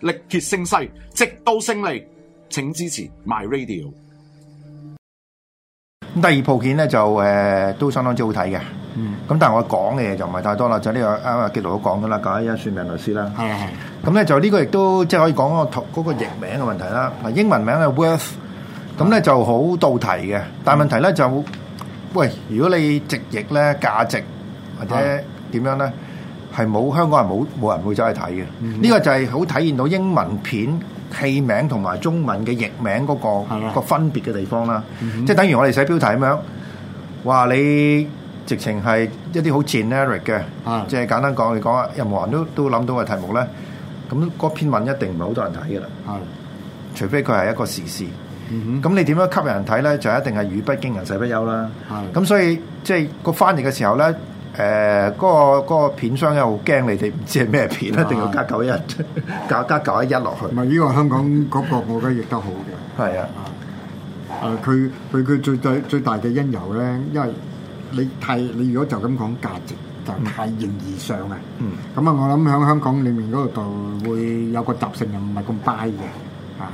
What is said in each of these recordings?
力竭聲勢，直到勝利。請支持 My Radio。咁第二部片咧就誒都相當之好睇嘅。嗯。咁但係我講嘅嘢就唔係太多啦，就呢個啱啱紀陶都講咗啦。九一一算命律師啦。係係。咁咧就呢個亦都即係可以講個嗰個譯名嘅問題啦。嗱英文名係 Worth，咁咧就好到題嘅。但係問題咧就，喂，如果你直譯咧價值或者點樣咧？係冇香港人冇冇人會走去睇嘅，呢、嗯、哼個就係好體現到英文片戲名同埋中文嘅譯名嗰、那個、吧個分別嘅地方啦。嗯、哼即係等於我哋寫標題咁樣，話你直情係一啲好 generic 嘅，吧即係簡單講嚟講，任何人都都諗到嘅題目咧。咁嗰篇文一定唔係好多人睇嘅啦。吧除非佢係一個時事。咁吧你點樣吸引人睇咧？就一定係語不驚人，死不休啦。咁吧所以即係、就是、個翻譯嘅時候咧。誒，嗰、呃那個那個片商又好驚你哋唔知係咩片一定要加九一，加加九一一落去。唔係，呢個香港嗰個我覺得亦都好嘅。係 是啊、呃，啊，佢佢佢最最最大嘅因由咧，因為你太你如果就咁講價值，就太形而上啊。嗯。咁啊，我諗喺香港裡面嗰度度會有個習性又唔係咁 buy 嘅。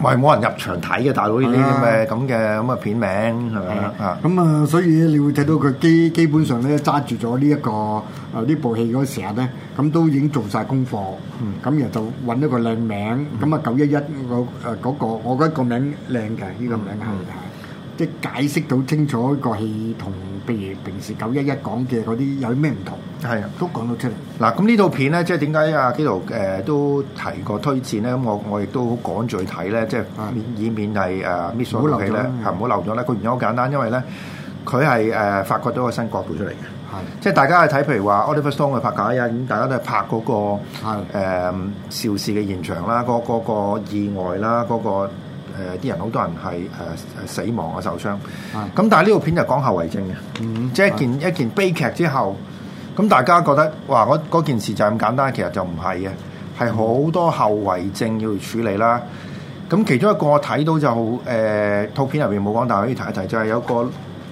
唔係冇人入場睇嘅，大佬呢啲咁嘅咁嘅咁嘅片名係咪啊？咁啊，所以你會睇到佢基基本上咧揸住咗呢一、個誒呢、呃、部戲嗰時候咧，咁都已經做晒功課，咁、嗯、然後就揾一個靚名，咁啊九一一嗰誒個，我覺得個名靚嘅，呢個名係即係解釋到清楚個戲同譬如平時九一一講嘅嗰啲有啲咩唔同。係，都講到出嚟。嗱、啊，咁呢套片咧，即係點解阿基佬、呃、都提過推薦咧？咁我我亦都趕住去睇咧，即係以免係誒 miss 咗佢咧，係唔好漏咗咧。個、嗯、原因好簡單，因為咧，佢係誒發掘到個新角度出嚟嘅。係的，即係大家去睇，譬如話 Oliver Stone 去拍緊啊，咁大家都係拍嗰、那個肇的、嗯嗯、事嘅現場啦，嗰、那個那個意外啦，嗰、那個啲、那個呃呃、人好多人係誒死亡啊、受傷。咁、嗯嗯、但係呢套片就講後遺症嘅，即係一件一件悲劇之後。嗯嗯嗯咁大家覺得哇，嗰件事就係咁簡單，其實就唔係嘅，係好多後遺症要處理啦。咁其中一個我睇到就誒，套、呃、片入邊冇講，但可以提一提，就係、是、有個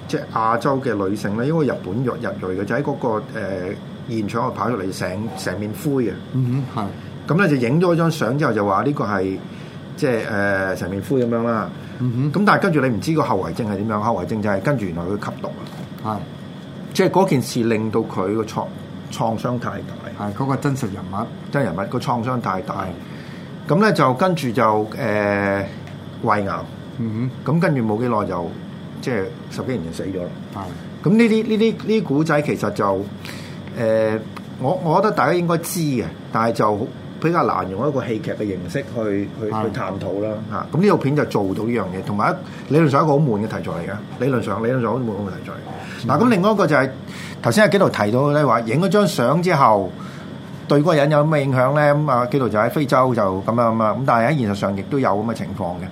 即係、就是、亞洲嘅女性咧，因為日本入入來嘅，就喺、是、嗰、那個誒、呃、現場度跑出嚟，成成面灰嘅。嗯哼，係。咁咧就影咗張相之後就話呢個係即係誒成面灰咁樣啦。咁、嗯、哼但係跟住你唔知個後遺症係點樣？後遺症就係跟住原來佢吸毒啊。啊、嗯。即係嗰件事令到佢個創創傷太大，係嗰、那個真實人物，真人物、那個創傷太大，咁咧就跟住就誒胃、呃、癌，嗯哼，咁跟住冇幾耐就即係十幾年前就死咗，係的，咁呢啲呢啲呢啲古仔其實就誒、呃，我我覺得大家應該知嘅，但係就。比較難用一個戲劇嘅形式去去去探討啦，嚇！咁呢套片就做到呢樣嘢，同埋理論上一個好悶嘅題材嚟嘅。理論上，理論上好悶嘅題材嚟。嗱，咁另外一個就係頭先阿基度提到咧，話影咗張相之後對嗰個人有咩影響咧？咁啊，基度就喺非洲就咁樣啊，咁但係喺現實上亦都有咁嘅情況嘅。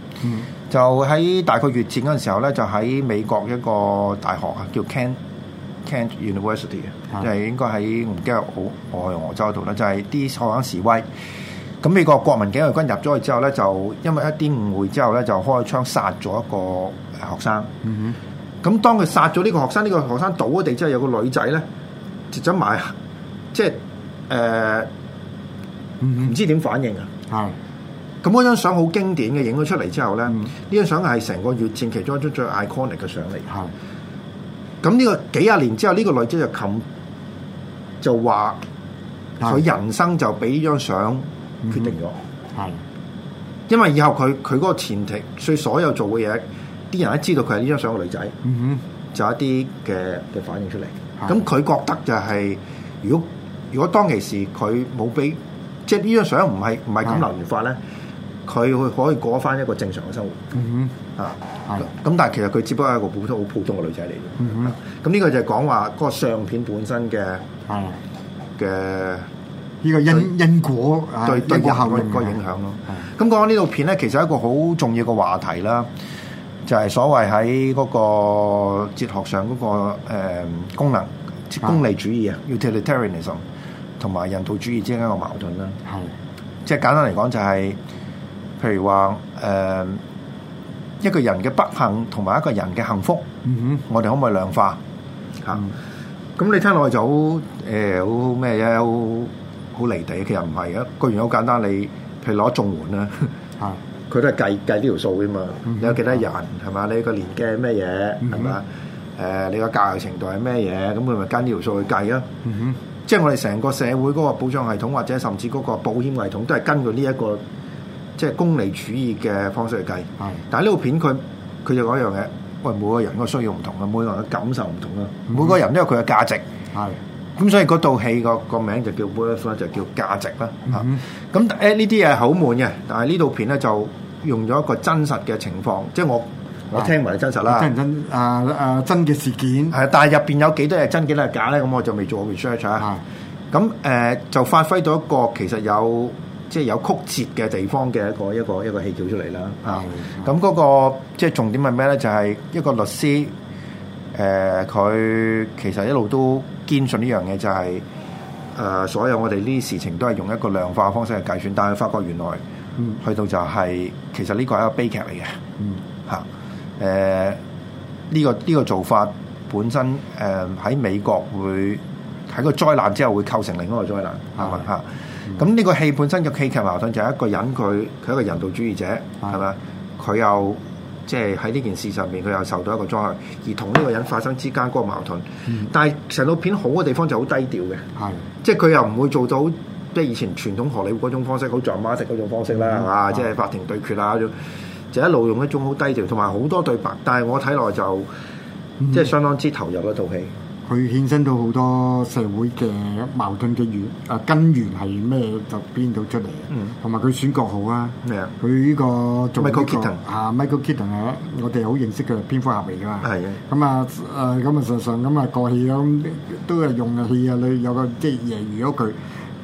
就喺大概越戰嗰陣時候咧，就喺美國一個大學啊，叫 Kent。Can Kent University 啊的，就係應該喺唔記得好俄亥俄州度咧，就係啲學生示威，咁美國國民警衛軍入咗去之後咧，就因為一啲誤會之後咧，就開槍殺咗一個學生。咁、嗯、哼當佢殺咗呢個學生，呢、這個學生倒咗地之後，有個女仔咧，走咗埋，即係誒，唔、呃嗯、哼知點反應啊。係的。咁嗰張相好經典嘅，影咗出嚟之後咧，呢張相係成個越戰其中一張最 iconic 嘅相嚟。係的。的咁呢個幾廿年之後，呢、呢個女仔就冚就話佢人生就俾呢張相決定咗，係、嗯、因為以後佢佢嗰個前提，所所有做嘅嘢，啲人一知道佢係呢張相嘅女仔，嗯哼，就有一啲嘅嘅反應出嚟。咁佢的覺得就係、係、如果如果當其時佢冇俾，即係呢張相唔係唔係咁流傳法咧。的佢會可以過翻一個正常嘅生活，啊，咁但係其實佢只不過係一個普通好普通嘅女仔嚟嘅。咁呢個就係講話嗰個相片本身嘅嘅呢個因因果對對個後果影響咯。咁講呢套片咧，其實係一個好重要嘅話題啦，就係所謂喺嗰個哲學上嗰個誒功能功利主義啊，utilitarianism 同埋人道主義之間嘅矛盾啦。係，即係簡單嚟講就係。譬如話誒，一個人嘅不幸同埋一個人嘅幸福，我哋可唔可以量化吓？咁你聽落去就好誒，好咩嘢？好好離地，其實唔係嘅。個原因好簡單，你譬如攞綜援啦，吓，佢都係計計呢條數嘅嘛。你有幾多人係嘛？你個年紀係咩嘢係嘛？誒，你個教育程度係咩嘢？咁佢咪跟呢條數去計咯。即係我哋成個社會嗰個保障系統，或者甚至嗰個保險系統，都係根據呢一個。即係功利主義嘅方式嚟計，但係呢套片佢佢就講一樣嘢，喂，每個人個需要唔同啊，每個人嘅感受唔同啊，嗯、每個人都有佢嘅價值，係咁、嗯、所以嗰套戲個個名就叫《Worth》咧，就叫價值啦嚇。咁誒呢啲嘢好悶嘅，但係呢套片咧就用咗一個真實嘅情況，即係我哇我聽聞係真實啦，真唔真？啊啊真嘅事件係、啊、但係入邊有幾多係真幾多係假咧？咁我就未做 research 啊。咁誒、啊呃、就發揮咗一個其實有。即係有曲折嘅地方嘅一個一個一個戲叫出嚟啦，啊、嗯！咁嗰、那個即係重點係咩咧？就係、是、一個律師，誒、呃，佢其實一路都堅信呢樣嘢，就係誒所有我哋呢啲事情都係用一個量化方式去計算，但係發覺原來去到就係、是嗯、其實呢個係一個悲劇嚟嘅，嗯嚇，誒呢、啊這個呢、這個做法本身誒喺、呃、美國會喺個災難之後會構成另一個災難，係咪？咁呢、嗯、個戲本身嘅劇情矛盾就係一個人，佢佢一個人道主義者係咪？佢、嗯、又即係喺呢件事上面，佢又受到一個災害，而同呢個人發生之間嗰個矛盾。但係成套片好嘅地方就好低調嘅，係、嗯、即係佢又唔會做到即係、就是、以前傳統荷里活嗰種方式，好像孖式嗰種方式啦，係嘛、嗯？即、嗯、係、啊就是、法庭對決啊，就是、一路用一種好低調，同埋好多對白。但係我睇落，嗯嗯、就即係相當之投入一套戲。佢衍生到好多社會嘅矛盾嘅源啊根源係咩？就編到出嚟。嗯，同埋佢選角好啊。咩啊？佢呢個做呢個啊，Michael Keaton 我哋好認識佢係蝙蝠俠嚟㗎嘛。係咁啊誒，咁啊，事實上咁啊，過氣咁都係用氣啊，你有個即係如果佢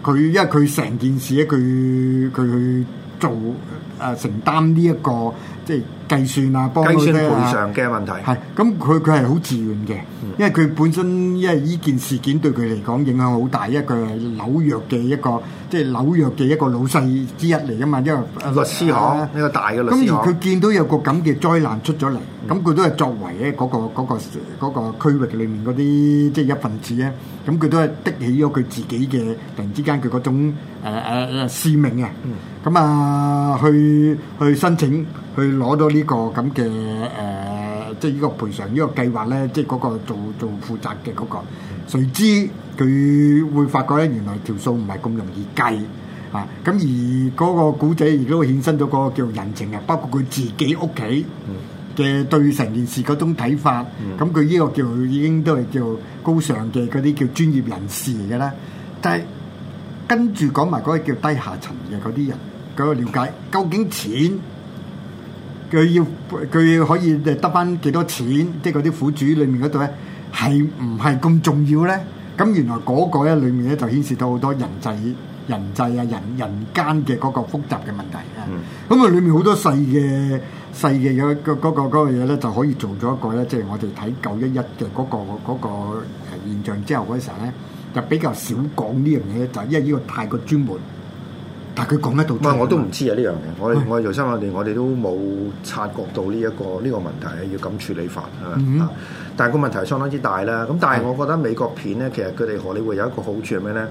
佢因為佢成件事咧，佢佢去做誒承擔呢一個。即係計算啊，幫佢啲啊，賠償嘅問題係咁，佢佢係好自願嘅，因為佢本身因為呢件事件對佢嚟講影響好大一一一，一個紐約嘅一個即係紐約嘅一個老細之一嚟啊嘛，一個律師行，啊、一個大嘅律師行。咁而佢見到有個咁嘅災難出咗嚟，咁、嗯、佢都係作為咧、嗰、嗰個嗰、嗰個嗰個嗰個嗰個區域裏面嗰啲即係一份子咧，咁佢都係的起咗佢自己嘅，突然之間佢嗰種誒誒、呃嗯、使命、嗯嗯嗯嗯、啊。咁啊，啊去去，去申請，佢攞到呢個咁嘅誒，即係呢個賠償呢個計劃咧，即係嗰個做做負責嘅嗰個，誰知佢會發覺咧，原來條數唔係咁容易計啊！咁而嗰個古仔亦都衍生咗嗰個叫人情嘅，包括佢自己屋企嘅對成件事嗰種睇法。咁佢呢個叫已經都係叫高尚嘅嗰啲叫專業人士嘅啦，但係跟住講埋嗰個叫低下層嘅嗰啲人嗰個了解，究竟錢？佢要佢可以得翻幾多錢，即係嗰啲苦主裏面嗰度咧，係唔係咁重要咧？咁原來嗰個咧裏面咧就顯示到好多人際人際啊、人人間嘅嗰個複雜嘅問題啊。咁啊，裏面好多細嘅細嘅嗰嗰個嘢咧，嗰個、就可以做咗一個咧，即、就、係、係、我哋睇九一一嘅嗰個嗰、嗰個現象之後嗰陣時咧，就比較少講呢樣嘢咧，就因為呢個太過專門。但係佢講得到咩？唔係我都唔知啊！呢樣嘢。我是我做新聞，我哋我哋都冇察覺到呢、這、一個呢、這個問題係要咁處理法、嗯、哼啊！但係個問題相當之大啦。咁但係我覺得美國片咧，其實佢哋荷里活有一個好處係咩咧？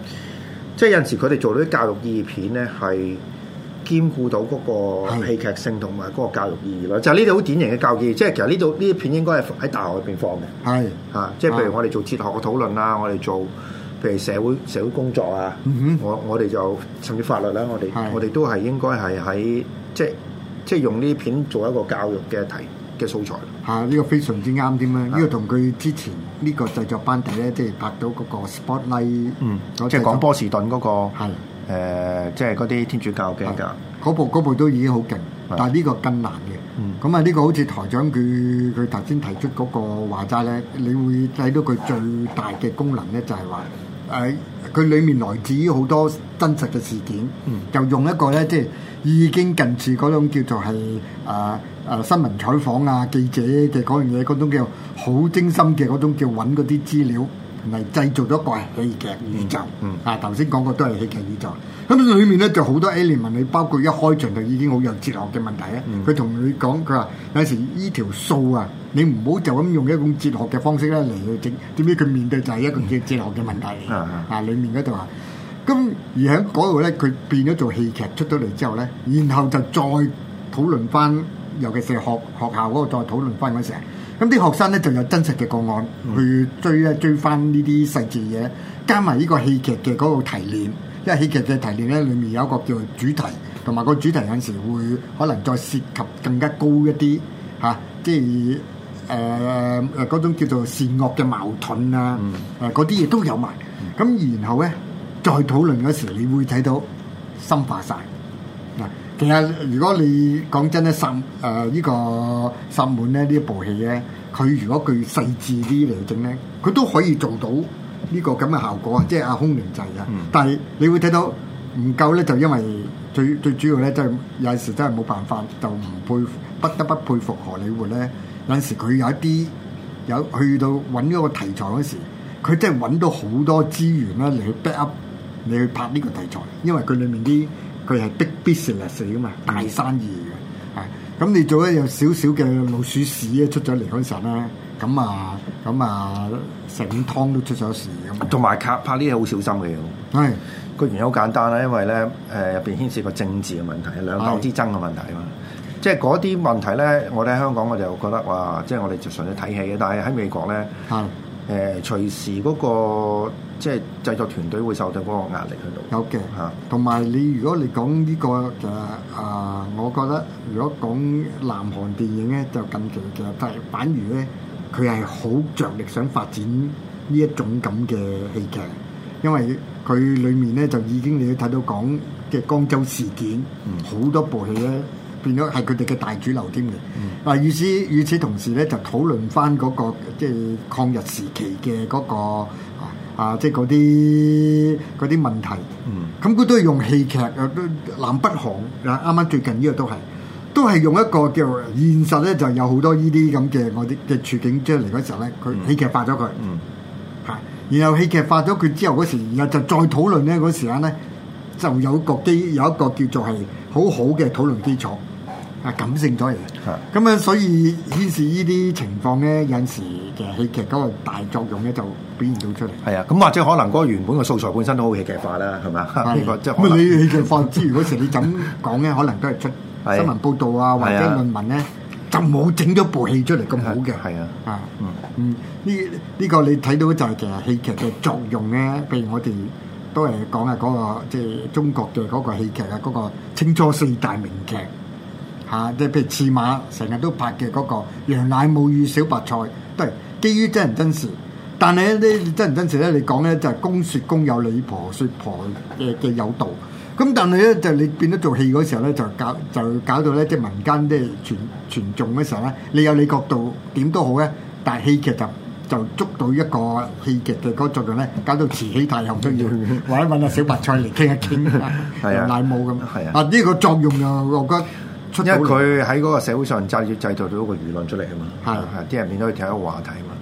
即、就、係、是、有陣時佢哋做到啲教育意義片咧，係兼顧到嗰個戲劇性同埋嗰個教育意義咯。就呢度好典型嘅教育意義，即、就、係、是、其實呢度呢啲片應該係喺大學入邊放嘅。係是啊，即、就、係、是、譬如我哋做哲學嘅討論啦是、啊，我哋做。譬如社會社會工作啊，我我哋就甚至法律啦，我哋我哋都係應該係喺即即用呢片做一個教育嘅題嘅素材。嚇！呢個非常之啱添啦，呢個同佢之前呢個製作班底咧，即係拍到嗰個 Spotlight，即係講波士頓嗰個，誒即係嗰啲天主教嘅。嗰部嗰部都已經好勁，但係呢個更難嘅。咁啊，呢個好似台長佢佢頭先提出嗰個話齋咧，你會睇到佢最大嘅功能咧，就係話。誒，佢、啊、裡面來自於好多真實嘅事件，就、嗯、用一個咧，即、就、係、是、已經近似嗰種叫做係誒誒新聞採訪啊，記者嘅嗰樣嘢，嗰種叫好精心嘅嗰種叫揾嗰啲資料。嚟製造咗一個戲劇宇宙，嗯嗯、啊頭先講過都係戲劇宇宙，咁裏面咧就好多 alien，你包括一開場就已經好有哲學嘅問題咧。佢同、嗯、你講，佢話有時依條數啊，你唔好就咁用一種哲學嘅方式咧嚟去整，點知佢面對就係一個哲哲學嘅問題。嗯嗯、啊，裏面嗰度啊，咁而喺嗰度咧，佢變咗做戲劇出到嚟之後咧，然後就再討論翻，尤其是學學校嗰、嗰度再討論翻嗰時。咁啲學生咧，就有真實嘅個案去追一追翻呢啲細節嘢，加埋呢個戲劇嘅嗰個提煉，因為戲劇嘅提煉咧，裏面有一個叫主題，同埋個主題有時會可能再涉及更加高一啲嚇、啊，即係誒誒嗰種叫做善惡嘅矛盾啊，嗯、啊嗰啲嘢都有埋。咁然後咧，再討論嗰時，你會睇到深化曬。啊。其實如果你講真咧，《薩，呃，呢個薩滿咧》呢一部戲咧，佢如果佢細緻啲嚟整咧，佢都可以做到呢個咁嘅效果啊！即係阿空靈滯啊！但係你會睇到唔夠咧，就因為最最主要咧，就係有陣時真係冇辦法，就唔佩不得不佩服荷里活咧。有陣時佢有一啲有去到揾嗰個題材嗰時，佢真係揾到好多資源咧嚟去 back up，你去拍呢個題材，因為佢裡面啲。佢係 big business 嚟嘅嘛，大生意嘅，啊！咁你做一有少少嘅老鼠屎啊，出咗嚟嗰陣啦，咁啊，咁啊，成碗湯都出咗事咁。同埋拍拍呢啲好小心嘅嘢，係的個原因好簡單啦，因為咧誒入邊牽涉個政治嘅問題，兩黨之爭嘅問題啊嘛，的即係嗰啲問題咧，我哋喺香港我就覺得話，即係我哋就純粹睇戲嘅，但係喺美國咧。誒隨時嗰、嗰個即係製作團隊會受到嗰個壓力喺度，Okay. 啊、有嘅嚇。同埋你如果你講呢、呢個嘅啊、呃，我覺得如果講南韓電影咧，就近期就但係反而咧，佢係好着力想發展呢一種咁嘅戲劇，因為佢裡面咧就已經你睇到講嘅江州事件，好多部戲咧。變咗係佢哋嘅大主流添嘅。嗱、嗯呃，與此與此同時咧，就討論翻、那、嗰個即係抗日時期嘅嗰、那個啊，即係嗰啲嗰啲問題。咁佢都係用戲劇啊，南北韓啊，啱啱最近呢個都係都係用一個叫現實咧，就有好多呢啲咁嘅我哋嘅處境出嚟嗰時候咧，佢戲劇化咗佢。嚇！然後戲劇化咗佢之後嗰時，然後就再討論咧嗰時間咧，就有個基有一個叫做係好好嘅討論基礎。嗯嗯。感性咗嚟嘅，咁啊的、嗯，所以顯示呢啲情況咧，有陣時其實戲劇嗰個大作用咧，就表現到出嚟。係啊，咁或者可能嗰個原本嘅素材本身都好戲劇化啦，係咪即係咁你戲劇化之餘嗰 時你怎講咧？可能都係出新聞報道啊，或者論文咧，的就冇整咗部戲出嚟咁好嘅。係啊，啊的、嗯，嗯嗯，呢、這、呢、個這個你睇到就係其實戲劇嘅作用咧，譬如我哋都係講下嗰個即係、就是、中國嘅嗰個戲劇啊嗰、那個清初四大名劇。那個嚇！即係譬如刺馬成日都拍嘅嗰個《楊乃武與小白菜》，都係基於真人真事。但係咧，啲真人真事咧，你講咧就係公説公有理，婆説婆嘅嘅有道。咁但係咧，就你變咗做戲嗰時候咧，就搞就搞到咧，即係民間即係傳傳頌嗰時候咧，你有你角度點都好咧。但係戲劇就就捉到一個戲劇嘅嗰個作用咧，搞到慈禧太后都要去或者揾啊小白菜嚟傾一傾，楊 乃武咁。啊呢 個作用又我覺得。因為佢喺嗰個社會上，製製造到個輿論出嚟啊嘛，係係的，啲人變咗去睇一個話題啊嘛。